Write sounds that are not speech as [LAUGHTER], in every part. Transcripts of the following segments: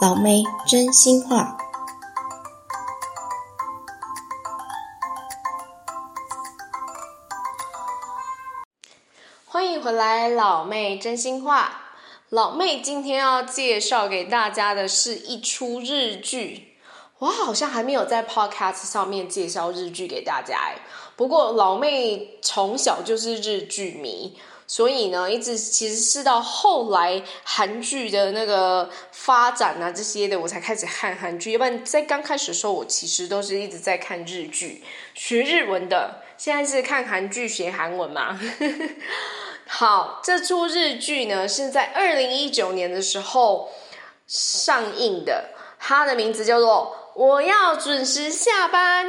老妹，真心話！歡迎回來，老妹，真心話。老妹今天要介紹給大家的是一出日劇，我好像還沒有在 Podcast 上面介紹日劇給大家哎，不過老妹從小就是日劇迷。所以呢，一直其實是到後來韓劇的那個發展啊，這些的我才開始看韓劇。要不然在剛開始的時候，我其實都是一直在看日劇，學日文的。現在是看韓劇學韓文嘛。 [LAUGHS] 好，這出日劇呢是在二零一九年的時候上映的，它的名字叫做《我要準時下班》。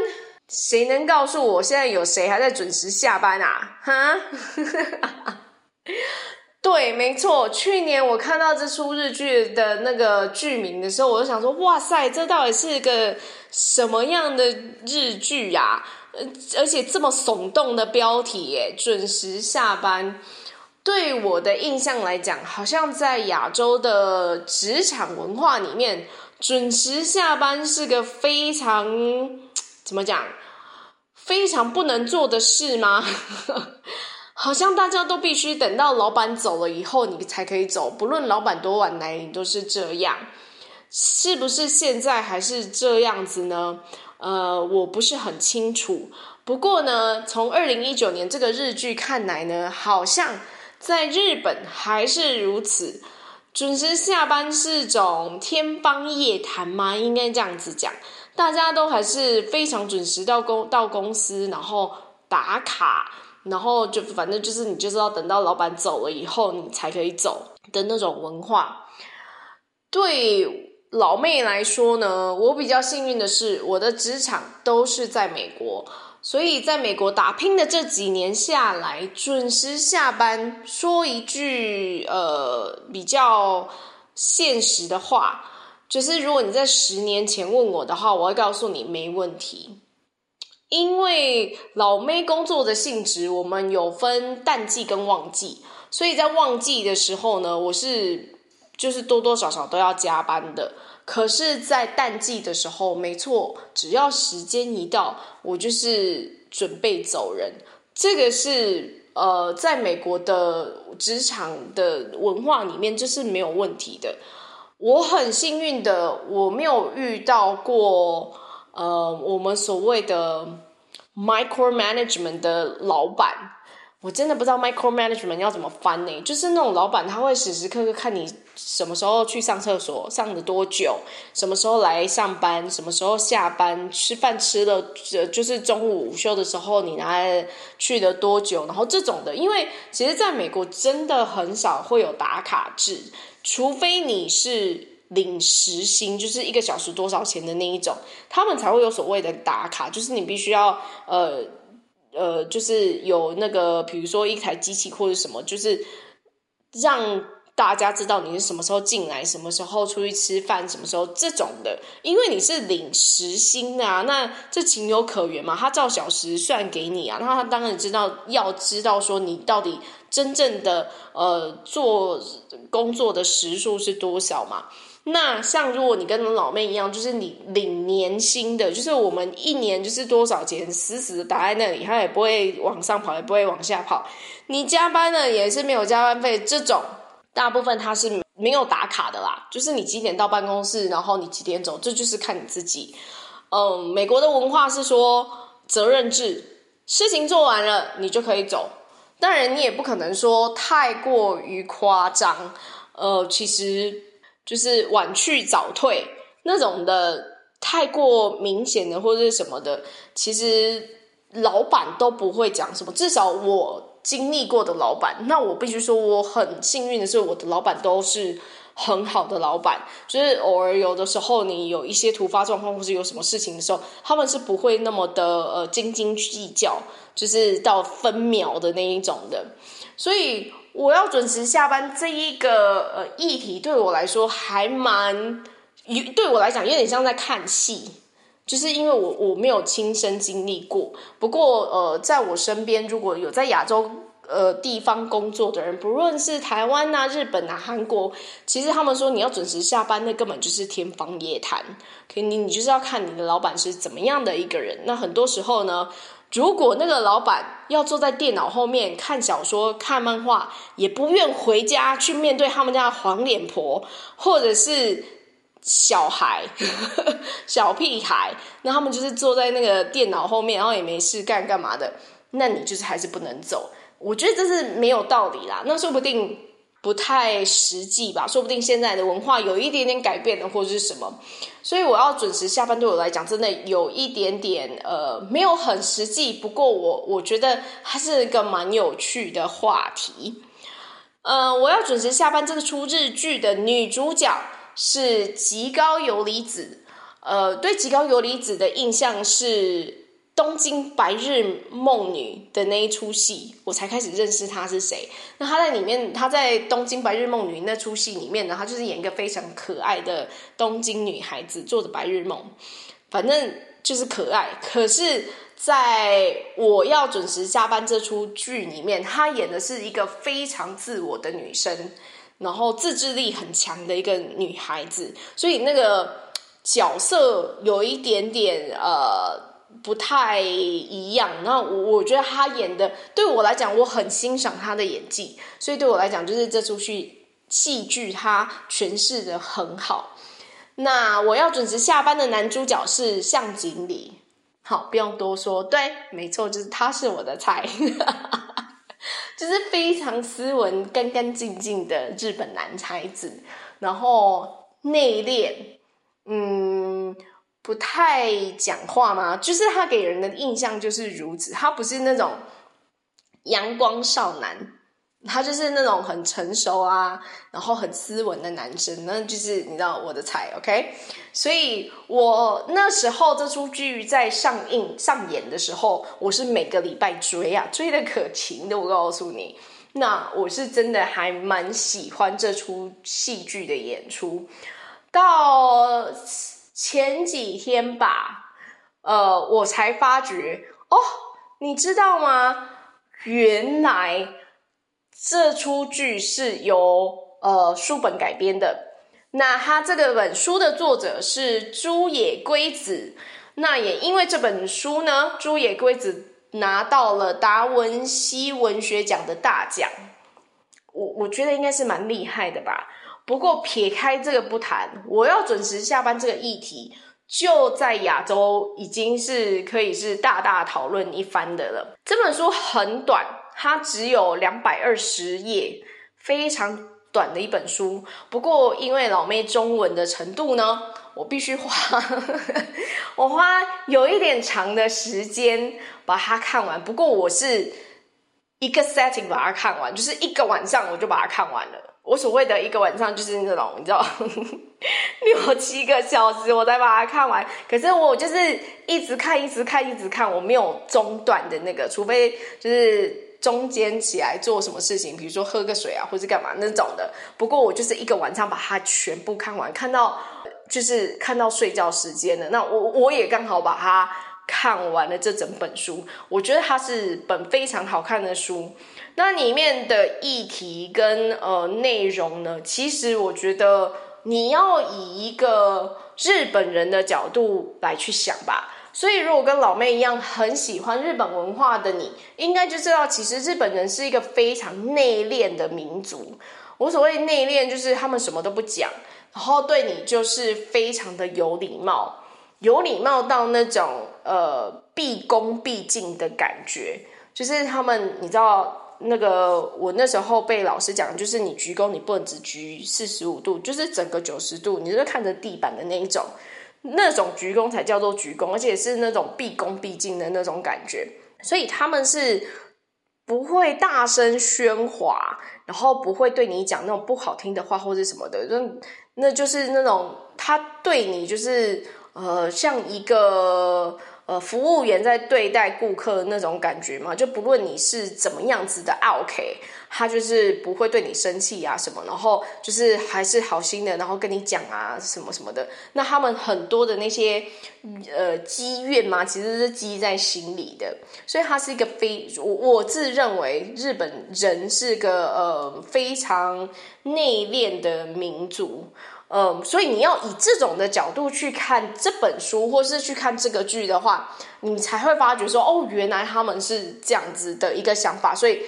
誰能告訴我現在有誰還在準時下班啊？哈。 [LAUGHS] 對，沒錯。去年我看到這出日劇的那個劇名的時候，我就想說：哇塞，這到底是一個什麼樣的日劇呀，啊？而且這麼聳動的標題，哎，準時下班。對我的印象來講，好像在亞洲的職場文化裡面，準時下班是個非常怎麼講？非常不能做的事嗎？ [LAUGHS] 好像大家都必須等到老闆走了以後，你才可以走。不論老闆多晚來，你都是這樣，是不是現在還是這樣子呢？呃，我不是很清楚。不過呢，從二零一九年這個日劇看來呢，好像在日本還是如此。準時下班是種天方夜譚嗎？應該這樣子講，大家都還是非常準時到公到公司，然後。打卡，然後就反正就是，你就是要等到老闆走了以後，你才可以走的那種文化。對老妹來說呢，我比較幸運的是，我的職場都是在美國，所以在美國打拼的這幾年下來，準時下班，說一句呃比較現實的話，就是如果你在十年前問我的話，我會告訴你沒問題。因為老妹工作的性質，我們有分淡季跟旺季，所以在旺季的時候呢，我是就是多多少少都要加班的。可是，在淡季的時候，沒錯，只要時間一到，我就是準備走人。這個是呃，在美國的職場的文化裡面，這是沒有問題的。我很幸運的，我沒有遇到過。呃，我們所謂的 micro management 的老闆，我真的不知道 micro management 要怎麼翻呢？就是那種老闆，他會時時刻刻看你什麼時候去上廁所，上了多久，什麼時候來上班，什麼時候下班，吃飯吃了，就是中午午休的時候，你拿去了多久？然後這種的，因為其實在美國真的很少會有打卡制，除非你是。領時薪就是一個小時多少錢的那一種，他們才會有所謂的打卡，就是你必須要呃呃，就是有那個比如說一台機器或者什麼，就是讓大家知道你是什麼時候進來，什麼時候出去吃飯，什麼時候這種的，因為你是領時薪啊，那這情有可原嘛，他照小時算給你啊，那他當然知道要知道說你到底真正的呃做工作的時數是多少嘛。那像如果你跟老妹一樣，就是你領年薪的，就是我們一年就是多少錢，死死的打在那裡，它也不會往上跑，也不會往下跑。你加班了也是沒有加班費，這種大部分它是沒有打卡的啦。就是你幾點到辦公室，然後你幾點走，這就是看你自己。嗯，美國的文化是說責任制，事情做完了你就可以走。當然，你也不可能說太過於誇張。呃，其實。就是晚去早退那種的，太過明顯的或者是什麼的，其實老闆都不會講什麼。至少我經歷過的老闆，那我必須說我很幸運的是，我的老闆都是很好的老闆。就是偶爾有的時候你有一些突發狀況或者有什麼事情的時候，他們是不會那麼的呃斤斤計較，就是到分秒的那一種的，所以。我要準時下班這一個呃議題對我來說還蠻，對我來講有點像在看戲，就是因為我我沒有親身經歷過。不過呃，在我身邊如果有在亞洲呃地方工作的人，不論是台灣吶、啊、日本吶、啊、韓國，其實他們說你要準時下班，那根本就是天方夜譚，OK？你就是要看你的老闆是怎麼樣的一個人。那很多時候呢。如果那個老闆要坐在電腦後面看小說、看漫畫，也不願回家去面對他們家的黃臉婆或者是小孩、小屁孩，那他們就是坐在那個電腦後面，然後也沒事幹，幹嘛的？那你就是還是不能走。我覺得這是沒有道理啦。那說不定。不太實際吧？說不定現在的文化有一點點改變的，或者是什麼，所以我要準時下班，對我來講真的有一點點呃沒有很實際。不過我我覺得還是一個蠻有趣的話題。呃，我要準時下班。這個出日劇的女主角是吉高由里子。呃，對吉高由里子的印象是，東京白日夢女的那一出戲，我才開始認識她是誰。那她在裡面，她在東京白日夢女那出戲裡面呢，她就是演一個非常可愛的東京女孩子，做着白日夢，反正就是可愛。可是，在我要準時下班這出劇裡面，她演的是一個非常自我的女生，然後自制力很強的一個女孩子，所以那個角色有一點點呃。不太一樣，然後我，我覺得他演的，對我來講，我很欣賞他的演技，所以對我來講，就是這出戲戲劇他詮釋的很好。那我要準時下班的男主角是向井理，好，不用多說，對，沒錯，就是他是我的菜， [LAUGHS] 就是非常斯文、乾乾淨淨的日本男才子，然後內斂，嗯。不太講話嗎？就是他給人的印象就是如此，他不是那種陽光少男，他就是那種很成熟啊，然後很斯文的男生。那就是你知道我的菜，OK？所以我那時候這出劇在上映上演的時候，我是每個禮拜追啊，追得可勤的。我告訴你，那我是真的還蠻喜歡這出戲劇的演出到，前幾天吧，呃，我才發覺哦，你知道嗎？原來這出劇是由呃書本改編的。那他這個本書的作者是朱野歸子。那也因為這本書呢，朱野歸子拿到了達文西文學獎的大獎。我我覺得應該是蠻厲害的吧。不過撇開這個不談，我要準時下班這個議題，就在亞洲已經是可以是大大討論一番的了。這本書很短，它只有兩百二十頁，非常短的一本書。不過因為老妹中文的程度呢，我必須花 [LAUGHS] 我花有一點長的時間把它看完。不過我是一個 setting 把它看完，就是一個晚上我就把它看完了。我所謂的一個晚上就是那種，你知道，呵呵，六七個小時我才把它看完。可是我就是一直看，一直看，一直看，我沒有中斷的那個，除非就是中間起來做什麼事情，比如說喝個水啊，或是幹嘛那種的。不過我就是一個晚上把它全部看完，看到就是看到睡覺時間的。那我我也剛好把它看完了這整本書，我覺得它是本非常好看的書。那裡面的議題跟呃內容呢，其實我覺得你要以一個日本人的角度來去想吧。所以，如果跟老妹一樣很喜歡日本文化的你，應該就知道，其實日本人是一個非常內斂的民族。無所謂內斂，就是他們什麼都不講，然後對你就是非常的有禮貌，有禮貌到那種呃畢恭畢敬的感覺，就是他們你知道。那個，我那時候被老師講，就是你鞠躬，你不能只鞠四十五度，就是整個九十度，你就是看着地板的那一種，那種鞠躬才叫做鞠躬，而且是那種畢恭畢敬的那種感覺。所以他們是不會大聲喧嘩，然後不會對你講那種不好聽的話或者什麼的，那那就是那種他對你就是呃，像一個。呃，服務員在對待顧客的那種感覺嘛，就不論你是怎麼樣子的奧客，他就是不會對你生氣啊什麼，然後就是還是好心的，然後跟你講啊什麼什麼的。那他們很多的那些呃積怨嘛，其實是積在心裡的，所以他是一個非，我，我自認為日本人是個呃非常內斂的民族。嗯，所以你要以這種的角度去看這本書，或是去看這個劇的話，你才會發覺說，哦，原來他們是這樣子的一個想法。所以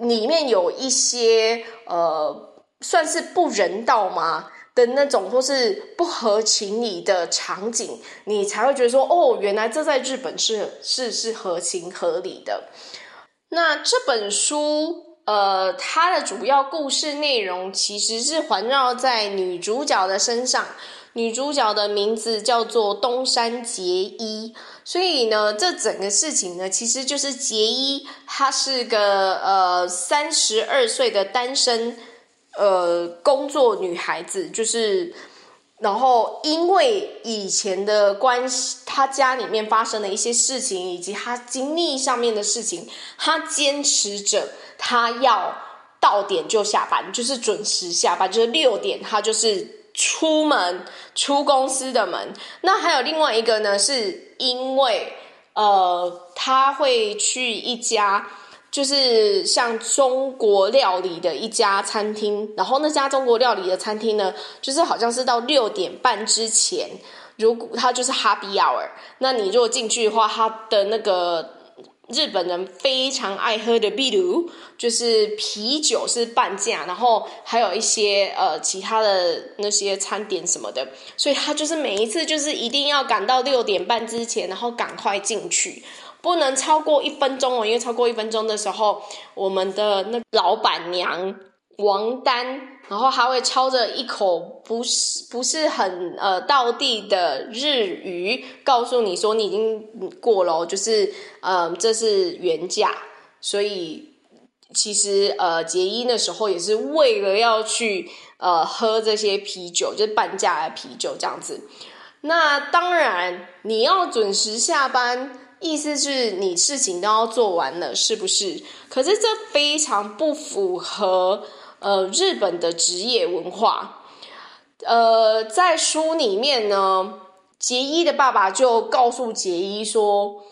裡面有一些呃，算是不人道嘛的那種，或是不合情理的場景，你才會覺得說，哦，原來這在日本是是是合情合理的。那這本書。呃，他的主要故事內容其實是環繞在女主角的身上，女主角的名字叫做東山結衣，所以呢，這整個事情呢，其實就是結衣，她是個呃三十二歲的單身，呃，工作女孩子，就是。然後，因為以前的關係，他家裡面發生的一些事情，以及他經歷上面的事情，他堅持着，他要到點就下班，就是準時下班，就是六點，他就是出門出公司的門。那還有另外一個呢，是因為呃，他會去一家。就是像中國料理的一家餐廳，然後那家中國料理的餐廳呢，就是好像是到六點半之前，如果它就是 happy hour，那你如果進去的話，它的那個日本人非常愛喝的啤酒就是啤酒是半價，然後還有一些呃其他的那些餐點什麼的，所以它就是每一次就是一定要趕到六點半之前，然後趕快進去。不能超過一分鐘哦，因為超過一分鐘的時候，我們的那老闆娘王丹，然後她會操着一口不是不是很呃道地的日語，告訴你說你已經過了哦，就是呃這是原價，所以其實呃結衣的時候也是為了要去呃喝這些啤酒，就是半價的啤酒這樣子。那當然你要準時下班。意思是你事情都要做完了，是不是？可是這非常不符合呃日本的職業文化。呃，在書裡面呢，結衣的爸爸就告訴結衣說：“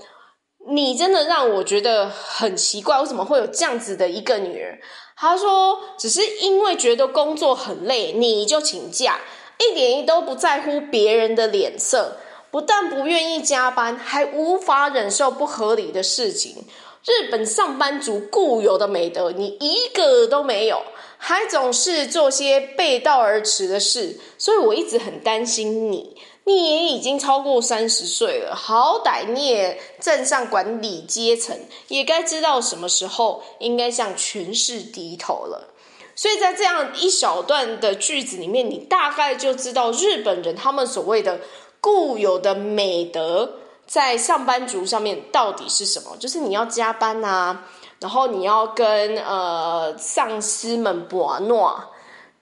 你真的讓我覺得很奇怪，為什麼會有這樣子的一個女兒？”他說：“只是因為覺得工作很累，你就請假，一點一都不在乎別人的臉色。”不但不願意加班，還無法忍受不合理的事情。日本上班族固有的美德，你一個都沒有，還總是做些背道而馳的事。所以，我一直很擔心你。你也已經超過三十歲了，好歹你也站上管理階層，也該知道什麼時候應該向權勢低頭了。所以在這樣一小段的句子裡面，你大概就知道日本人他們所謂的，固有的美德在上班族上面到底是什麼？就是你要加班啊，然後你要跟呃上司們玩諾，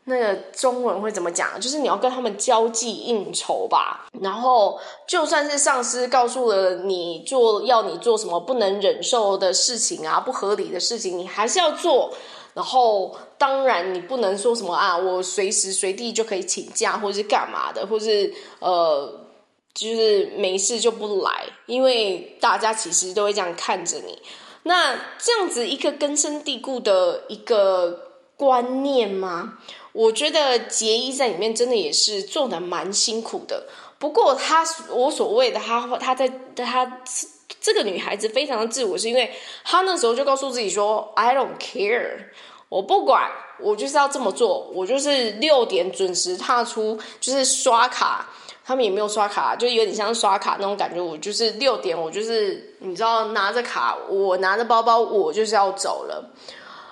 那個中文會怎麼講？就是你要跟他們交際應酬吧。然後就算是上司告訴了你做要你做什麼不能忍受的事情啊，不合理的事情，你還是要做。然後當然你不能說什麼啊，我隨時隨地就可以請假或者是幹嘛的，或是呃。就是沒事就不來，因為大家其實都會這樣看着你。那這樣子一個根深蒂固的一個觀念嗎？我覺得結衣在裡面真的也是做得蠻辛苦的。不過她我所謂的她她在她這個女孩子非常的自我，是因為她那時候就告訴自己說：“I don't care，我不管，我就是要這麼做，我就是六點準時踏出，就是刷卡。”他們也沒有刷卡，就有點像刷卡那種感覺。我就是六點，我就是你知道，拿着卡，我拿着包包，我就是要走了。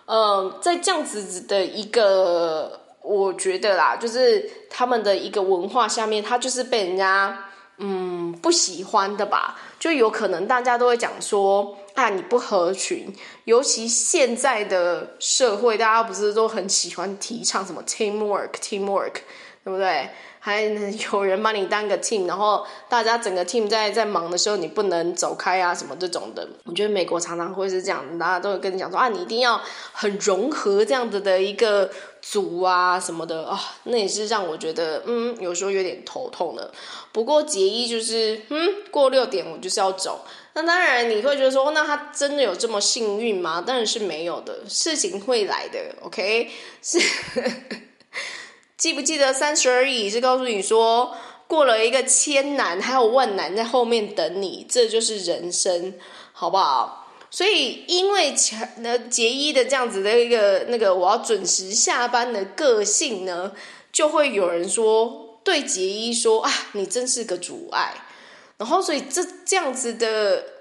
嗯，在這樣子的一個，我覺得啦，就是他們的一個文化下面，他就是被人家嗯不喜歡的吧？就有可能大家都會講說，啊，你不合群。尤其現在的社會，大家不是都很喜歡提倡什麼 teamwork，teamwork，Team 對不對？還有人把你當個 team，然後大家整個 team 在在忙的時候，你不能走開啊，什麼這種的。我覺得美國常常會是這樣，大家都會跟你講說啊，你一定要很融合這樣子的一個組啊，什麼的啊，那也是讓我覺得嗯，有時候有點頭痛了。不過結衣就是嗯，過六點我就是要走。那當然你會覺得說，那他真的有這麼幸運嗎？當然是沒有的，事情會來的。OK，是。 [LAUGHS] 記不記得三十而已？是告訴你說，過了一個千難，還有萬難在後面等你，這就是人生，好不好？所以，因為那呢，結衣的這樣子的一個那個，我要準時下班的個性呢，就會有人說對結衣說啊，你真是個阻礙。然後，所以這這樣子的。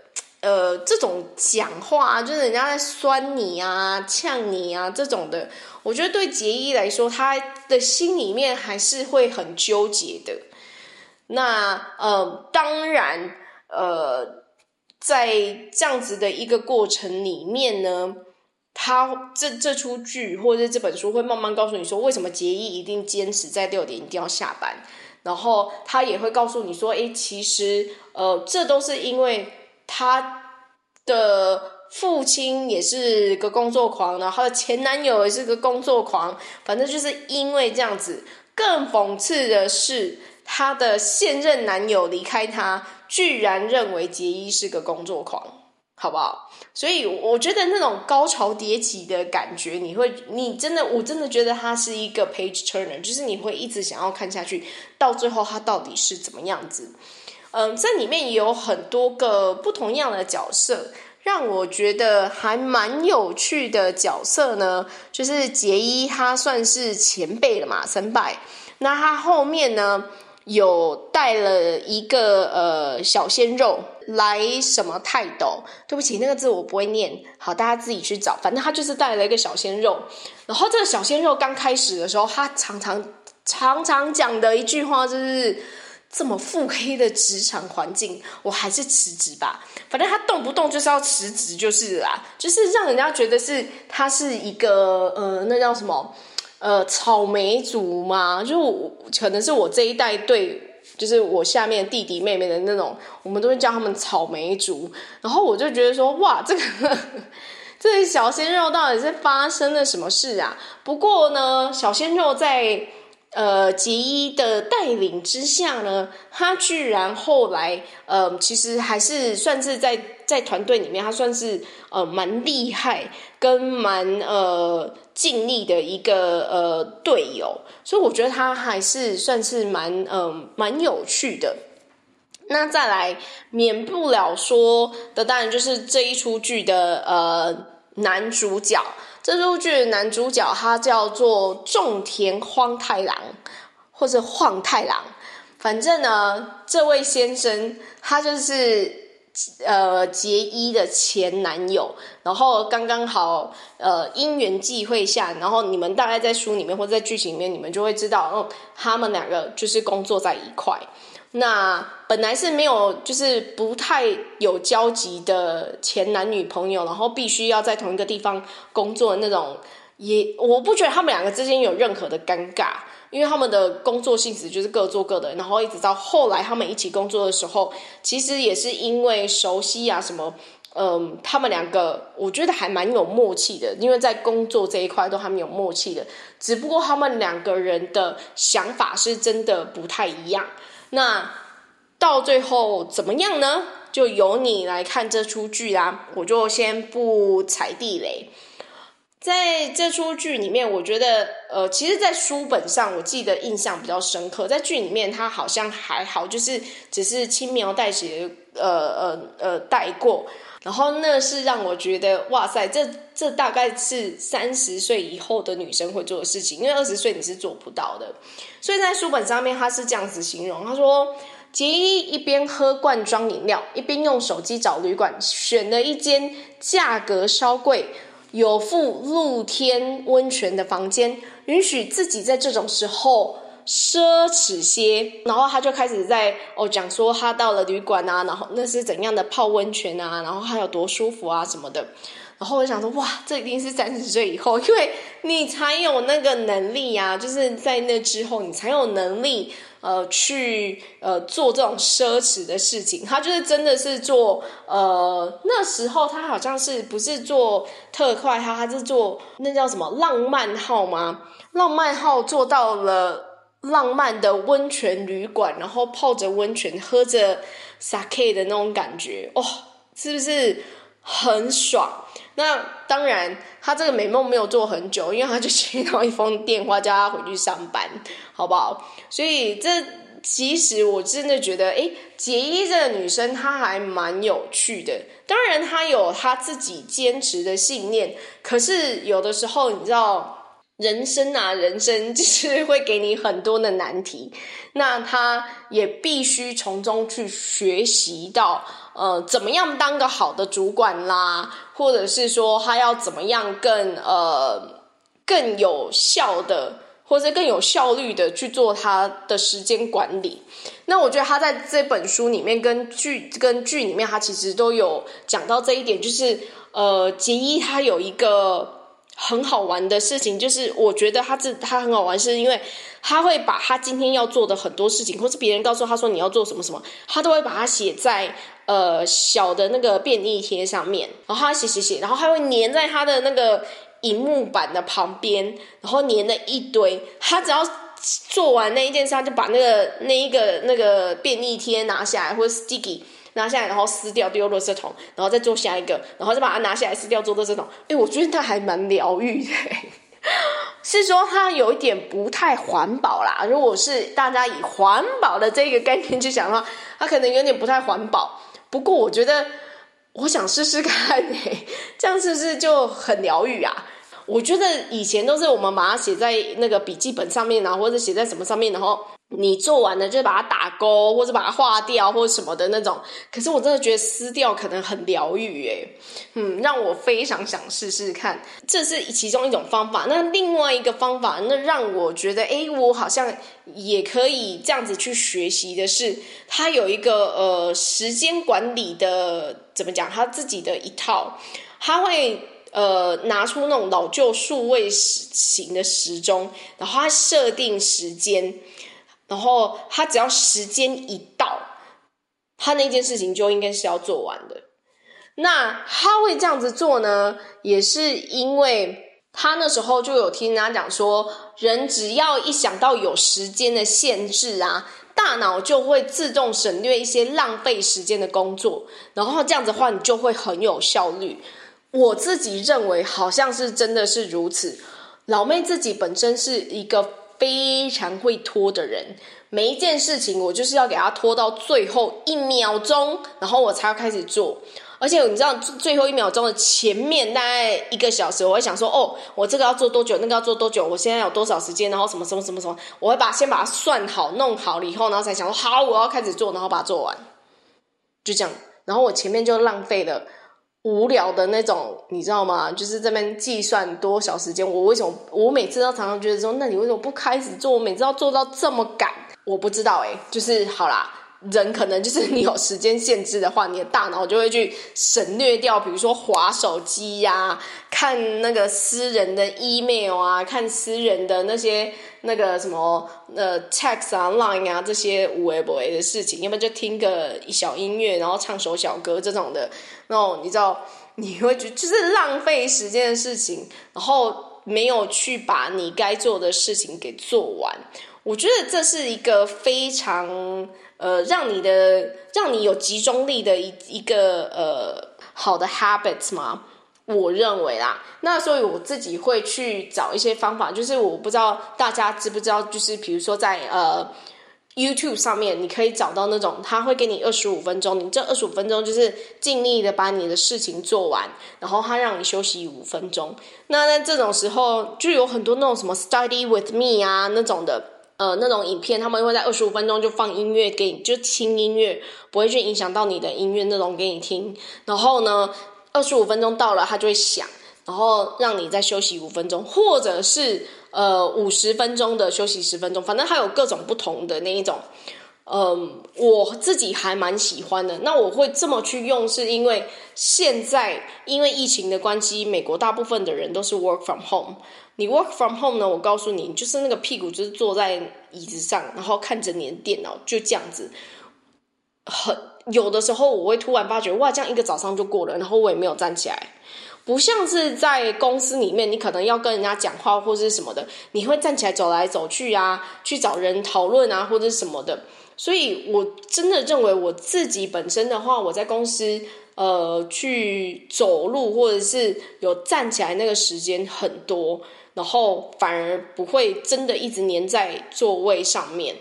呃，這種講話就是人家在酸你啊、嗆你啊這種的，我覺得對結衣來說，他的心裡面還是會很糾結的。那呃，當然，呃，在這樣子的一個過程裡面呢，他這這出劇或者這本書會慢慢告訴你說，為什麼結衣一定堅持在六點一定要下班，然後他也會告訴你說，哎、欸，其實呃，這都是因為。他的父親也是個工作狂，然後前男友也是個工作狂，反正就是因為這樣子。更諷刺的是，他的現任男友離開他，居然認為結衣是個工作狂，好不好？所以我覺得那種高潮迭起的感覺，你會，你真的，我真的覺得他是一個 page turner，就是你會一直想要看下去，到最後他到底是怎麼樣子？嗯，這裡面也有很多個不同樣的角色，讓我覺得還蠻有趣的角色呢。就是結衣，他算是前輩了嘛，三拜。那他後面呢，有帶了一個呃小鮮肉來什麼泰斗？對不起，那個字我不會念，好，大家自己去找。反正他就是帶了一個小鮮肉。然後這個小鮮肉剛開始的時候，他常常常常講的一句話就是。這麼腹黑的職場環境，我還是辭職吧。反正他動不動就是要辭職，就是啦，就是讓人家覺得是他是一個呃，那叫什麼呃，草莓族嘛。就可能是我這一代對，就是我下面弟弟妹妹的那種，我們都會叫他們草莓族。然後我就覺得說，哇，這個呵呵這個、小鮮肉到底是發生了什麼事啊？不過呢，小鮮肉在。呃，結衣的帶領之下呢，他居然後來，呃其實還是算是在在團隊裡面，他算是呃蠻厲害跟蠻呃盡力的一個呃隊友，所以我覺得他還是算是蠻嗯、呃、蠻有趣的。那再來免不了說的，當然就是這一出劇的呃男主角。這部劇的男主角，他叫做種田荒太郎，或者晃太郎，反正呢，這位先生他就是呃結衣的前男友，然後剛剛好呃因緣際會下，然後你們大概在書裡面或者在劇情裡面，你們就會知道，然、哦、他們兩個就是工作在一塊。那本來是沒有，就是不太有交集的前男女朋友，然後必須要在同一個地方工作的那種，也，我不覺得他們兩個之間有任何的尷尬，因為他們的工作性質就是各做各的，然後一直到後來他們一起工作的時候，其實也是因為熟悉啊什麼，嗯，他們兩個我覺得還蠻有默契的，因為在工作這一塊都他們有默契的，只不過他們兩個人的想法是真的不太一樣。那到最後怎麼樣呢？就由你來看這齣劇啦，我就先不踩地雷。在這齣劇裡面，我覺得，呃，其實，在書本上我記得印象比較深刻，在劇裡面，他好像還好，就是只是輕描淡寫，呃呃呃，帶過。然後那是讓我覺得，哇塞，這這大概是三十歲以後的女生會做的事情，因為二十歲你是做不到的。所以在書本上面，他是這樣子形容：他說，結衣一邊喝罐裝飲料，一邊用手機找旅館，選了一間價格稍貴、有附露天溫泉的房間，允許自己在這種時候奢侈些。然後他就開始在哦講說，他到了旅館啊，然後那是怎樣的泡溫泉啊，然後他有多舒服啊什麼的。然後我想說，哇，這一定是三十歲以後，因為你才有那個能力呀、啊。就是在那之後，你才有能力呃去呃做這種奢侈的事情。他就是真的是做呃那時候他好像是不是做特快他他是做那叫什麼浪漫號嗎？浪漫號做到了浪漫的溫泉旅館，然後泡着溫泉，喝着 sake 的，那種感覺，哦，是不是很爽？那當然，她這個美夢沒有做很久，因為她就接到一封電話，叫她回去上班，好不好？所以這其實我真的覺得，哎、欸，結衣這個女生她還蠻有趣的。當然，她有她自己堅持的信念，可是有的時候，你知道。人生啊，人生就是會給你很多的難題，那他也必須從中去學習到，呃，怎麼樣當個好的主管啦，或者是說他要怎麼樣更呃更有效的，或者更有效率的去做他的時間管理。那我覺得他在這本書裡面跟劇跟劇裡面，他其實都有講到這一點，就是呃，結衣他有一個。很好玩的事情就是，我覺得他這他很好玩，是因為他會把他今天要做的很多事情，或是別人告訴他說，你要做什麼什麼，他都會把它寫在呃小的那個便利貼上面，然後他寫寫寫，然後他會粘在他的那個熒幕板的旁邊，然後粘了一堆。他只要做完那一件事，他就把那個那一個那個便利貼拿下來，或者 sticky。拿下來，然後撕掉，丟到垃圾桶，然後再做下一個，然後再把它拿下來，撕掉，做垃圾桶。哎、欸，我覺得它還蠻療癒的、欸，是說它有一點不太環保啦。如果是大家以環保的這個概念，去想的話，它可能有點不太環保。不過我覺得，我想試試看、欸，哎，這樣是不是就很療癒啊？我覺得以前都是我們把它寫在那個筆記本上面啊，啊或者寫在什麼上面然後你做完了就把它打勾，或者把它劃掉，或者什麼的那種。可是我真的覺得撕掉可能很療癒，誒。嗯，讓我非常想試試看。這是其中一種方法。那另外一個方法，那讓我覺得，誒，我好像也可以這樣子去學習的是，他有一個呃時間管理的怎麼講，他自己的一套，他會呃拿出那種老舊數位型的時鐘，然後他設定時間。然後他只要時間一到，他那件事情就應該是要做完的。那他會這樣子做呢，也是因為他那時候就有聽人家講說，人只要一想到有時間的限制啊，大腦就會自動省略一些浪費時間的工作，然後這樣子的話，你就會很有效率。我自己認為好像是真的是如此。老妹自己本身是一個。非常會拖的人，每一件事情我就是要給他拖到最後一秒鐘，然後我才要開始做。而且你知道，最後一秒鐘的前面大概一個小時，我會想說：“哦，我這個要做多久？那個要做多久？我現在有多少時間？然後什麼什麼什麼什麼？我會把先把它算好、弄好了以後，然後才想說：好，我要開始做，然後把它做完。就這樣。然後我前面就浪費了。”無聊的那種，你知道嗎？就是這邊計算多少時間，我為什麼我每次都常常覺得說，那你為什麼不開始做？我每次要做到這麼趕，我不知道誒。就是好啦。人可能就是你有時間限制的話，你的大腦就會去省略掉，比如說滑手機呀、啊、看那個私人的 email 啊、看私人的那些那個什麼呃 text 啊、line 啊這些無微不為的，的事情，要麼就聽個小音樂，然後唱首小歌這種的。那種你知道你會覺得就是浪費時間的事情，然後沒有去把你該做的事情給做完。我覺得這是一個非常呃，讓你的讓你有集中力的一一個呃好的 habit 嘛，我認為啦，那所以我自己會去找一些方法，就是我不知道大家知不知道，就是比如說在呃 YouTube 上面，你可以找到那種他會給你二十五分鐘，你這二十五分鐘就是盡力的把你的事情做完，然後他讓你休息五分鐘。那在這種時候，就有很多那種什麼 study with me 啊那種的。呃，那種影片，他們會在二十五分鐘就放音樂給你，就聽音樂，不會去影響到你的音樂那種給你聽。然後呢，二十五分鐘到了，它就會響，然後讓你再休息五分鐘，或者是呃五十分鐘的休息十分鐘，反正它有各種不同的那一種。嗯、呃，我自己還蠻喜歡的。那我會這麼去用，是因為現在因為疫情的關係，美國大部分的人都是 work from home。你 work from home 呢？我告訴你，你就是那個屁股，就是坐在椅子上，然後看着你的電腦，就這樣子。很有的時候，我會突然發覺，哇，這樣一個早上就過了，然後我也沒有站起來。不像是在公司裡面，你可能要跟人家講話或者什麼的，你會站起來走來走去啊，去找人討論啊或者是什麼的。所以我真的認為我自己本身的話，我在公司呃去走路或者是有站起來那個時間很多，然後反而不會真的一直粘在座位上面。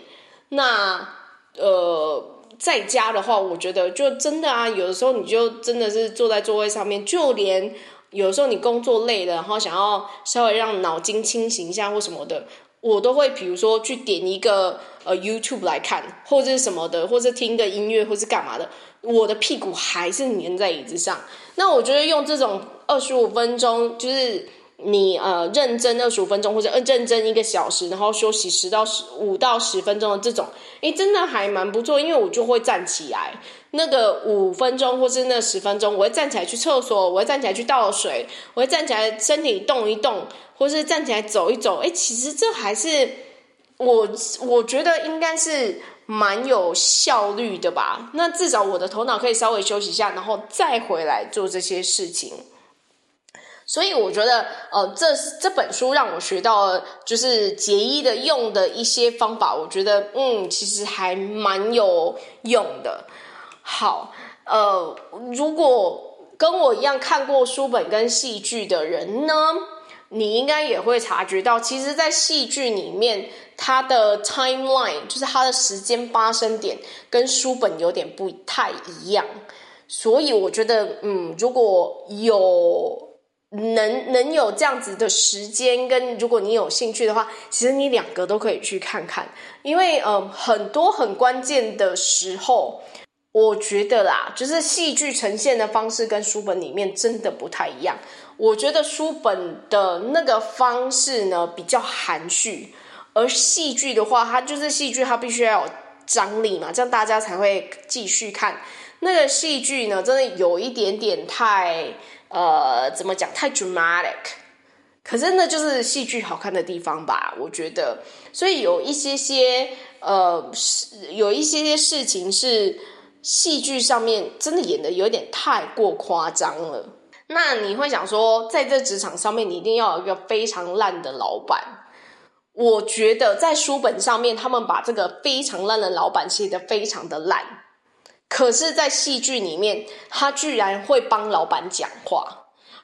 那呃，在家的話，我覺得就真的啊，有的時候你就真的是坐在座位上面，就連有的時候你工作累了，然後想要稍微讓腦筋清醒一下或什麼的，我都會比如說去點一個呃 YouTube 來看，或者什麼的，或者聽個音樂或是幹嘛的，我的屁股還是粘在椅子上。那我覺得用這種二十五分鐘，就是。你呃認真二十五分鐘，或者認真一個小時，然後休息十到十五到十分鐘的這種，誒，真的還蠻不錯。因為我就會站起來，那個五分鐘或是那十分鐘，我會站起來去廁所，我會站起來去倒水，我會站起來身體動一動，或是站起來走一走。哎，其實這還是我我覺得應該是蠻有效率的吧。那至少我的頭腦可以稍微休息一下，然後再回來做這些事情。所以我覺得，呃，這是這本書讓我學到就是結衣的用的一些方法，我覺得，嗯，其實還蠻有用的。好，呃，如果跟我一樣看過書本跟戲劇的人呢，你應該也會察覺到，其實，在戲劇裡面，它的 timeline 就是它的時間發生點，跟書本有點不太一樣。所以我覺得，嗯，如果有能能有這樣子的時間，跟如果你有興趣的話，其實你兩個都可以去看看。因為嗯、呃，很多很關鍵的時候，我覺得啦，就是戲劇呈現的方式跟書本裡面真的不太一樣。我覺得書本的那個方式呢，比較含蓄，而戲劇的話，它就是戲劇，它必須要有張力嘛，這樣大家才會繼續看。那個戲劇呢，真的有一點點太。呃，怎麼講，太 dramatic？可真的就是戲劇好看的地方吧，我覺得。所以有一些些呃是，有一些些事情是戲劇上面真的演得有點太過誇張了。那你會想說，在這職場上面，你一定要有一個非常爛的老闆。我覺得在書本上面，他們把這個非常爛的老闆寫得非常的爛。可是，在戲劇裡面，他居然會幫老板講話，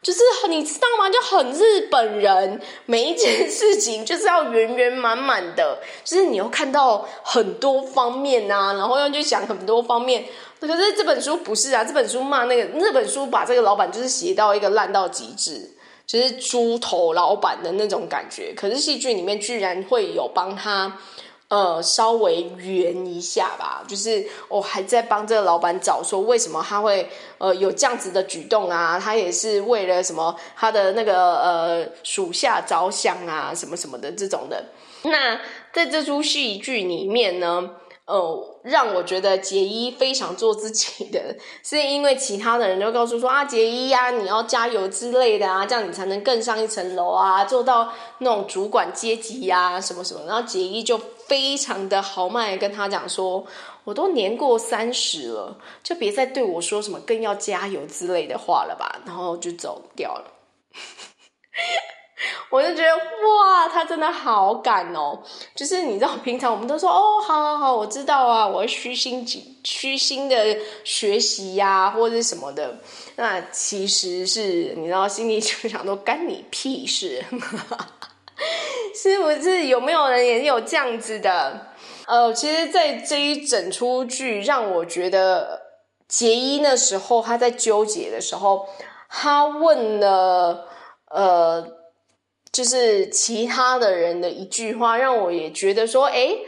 就是你知道嗎？就很日本人，每一件事情就是要圓圓滿滿的，就是你要看到很多方面啊，然後要去想很多方面。可是這本書不是啊，這本書罵那個，日本書把這個老板就是寫到一個爛到極致，就是豬頭老板的那種感覺。可是戲劇裡面居然會有幫他。呃，稍微圓一下吧，就是我、哦、還在幫這個老闆找說，為什麼他會呃有這樣子的舉動啊？他也是為了什麼他的那個呃屬下着想啊，什麼什麼的這種的。那在這出戲劇裡面呢，呃，讓我覺得結衣非常做自己的，是因為其他的人就告訴說啊，結衣呀，你要加油之類的啊，這樣你才能更上一層樓啊，做到那種主管階級呀、啊，什麼什麼。然後結衣就。非常的豪邁，跟他講說，我都年過三十了，就別再對我說什麼更要加油之類的話了吧，然後就走掉了。 [LAUGHS] 我就覺得哇，他真的好敢哦！就是你知道，平常我們都說哦，好好好，我知道啊，我虛心虛心的學習呀、啊，或者什麼的，那其實是你知道，心裡就想都干你屁事。 [LAUGHS] 是不是有沒有人也有這樣子的？呃，其實，在這一整出劇，讓我覺得結衣那時候他在糾結的時候，他問了呃，就是其他的人的一句話，讓我也覺得說，誒、欸，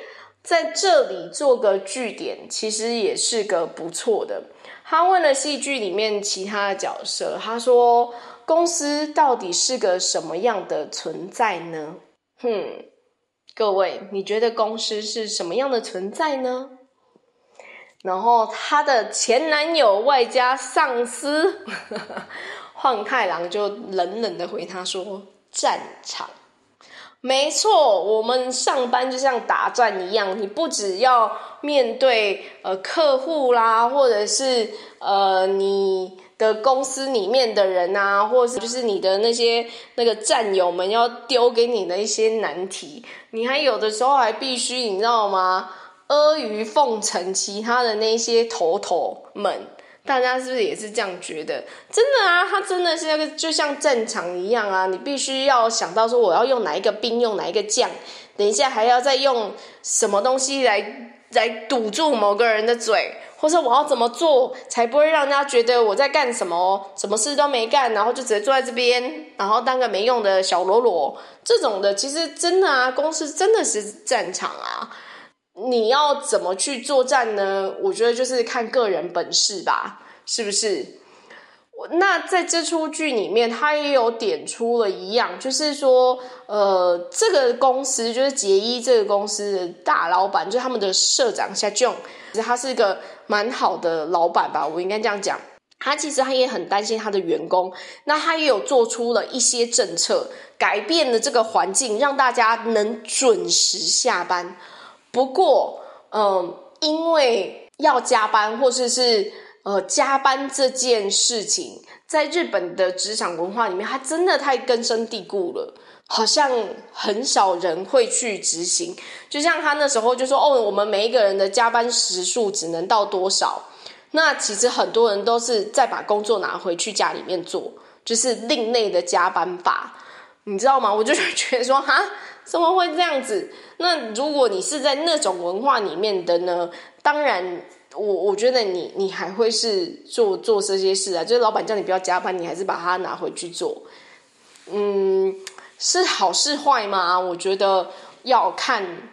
在這裡做個句點，其實也是個不錯的。他問了戲劇裡面其他的角色，他說：“公司到底是個什麼樣的存在呢？”哼、嗯，各位，你覺得公司是什麼樣的存在呢？然後她的前男友外加上司晃太郎就冷冷的回她說：“戰場，沒錯，我們上班就像打仗一樣，你不只要面對呃客戶啦，或者是呃你。”的公司裡面的人啊，或者是就是你的那些那個戰友們要丟給你的一些難題，你還有的時候還必須你知道嗎？阿諛奉承其他的那些頭頭們，大家是不是也是這樣覺得？真的啊，他真的是那個就像戰場一樣啊，你必須要想到說我要用哪一個兵，用哪一個將，等一下還要再用什麼東西來來堵住某個人的嘴。或者我要怎麼做才不會讓人家覺得我在幹什麼？什麼事都沒幹，然後就直接坐在這邊，然後當個沒用的小嘍囉？這種的，其實真的啊，公司真的是戰場啊！你要怎麼去作戰呢？我覺得就是看個人本事吧，是不是？那在這出劇裡面，他也有點出了一樣，就是說，呃，這個公司就是結衣這個公司的大老闆，就是他們的社長夏俊，其實他是一個蠻好的老闆吧，我應該這樣講。他其實他也很擔心他的員工，那他也有做出了一些政策，改變了這個環境，讓大家能準時下班。不過，嗯、呃，因為要加班，或者是，是。呃，加班這件事情，在日本的職場文化裡面，它真的太根深蒂固了，好像很少人會去執行。就像他那時候就說：“哦，我們每一個人的加班時數只能到多少？”那其實很多人都是在把工作拿回去家裡面做，就是另類的加班法，你知道嗎？我就是覺得說，哈，怎麼會這樣子？那如果你是在那種文化裡面的呢？當然。我我覺得你你還會是做做這些事啊？就是老闆叫你不要加班，你還是把它拿回去做，嗯，是好是壞嘛？我覺得要看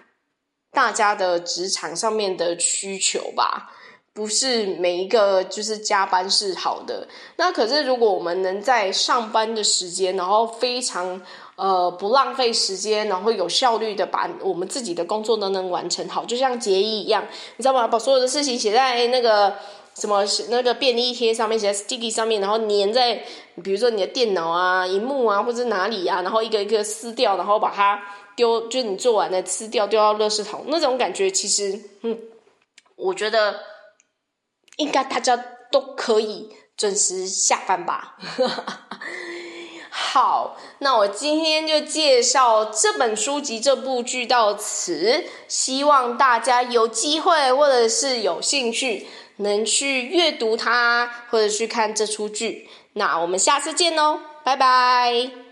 大家的職場上面的需求吧。不是每一個就是加班是好的，那可是如果我們能在上班的時間，然後非常呃不浪費時間，然後有效率的把我們自己的工作都能完成好，就像結衣一樣，你知道嗎？把所有的事情寫在那個什麼那個便利貼上面，寫在 sticky 上面，然後粘在比如說你的電腦啊、螢幕啊或者哪裡啊，然後一個一個撕掉，然後把它丟，就是你做完了撕掉，丟到垃圾桶，那種感覺其實，嗯，我覺得。應該大家都可以準時下班吧。 [LAUGHS] 好，那我今天就介紹這本書籍、這部劇到此，希望大家有機會或者是有興趣，能去閱讀它或者去看這出劇。那我們下次見哦，拜拜。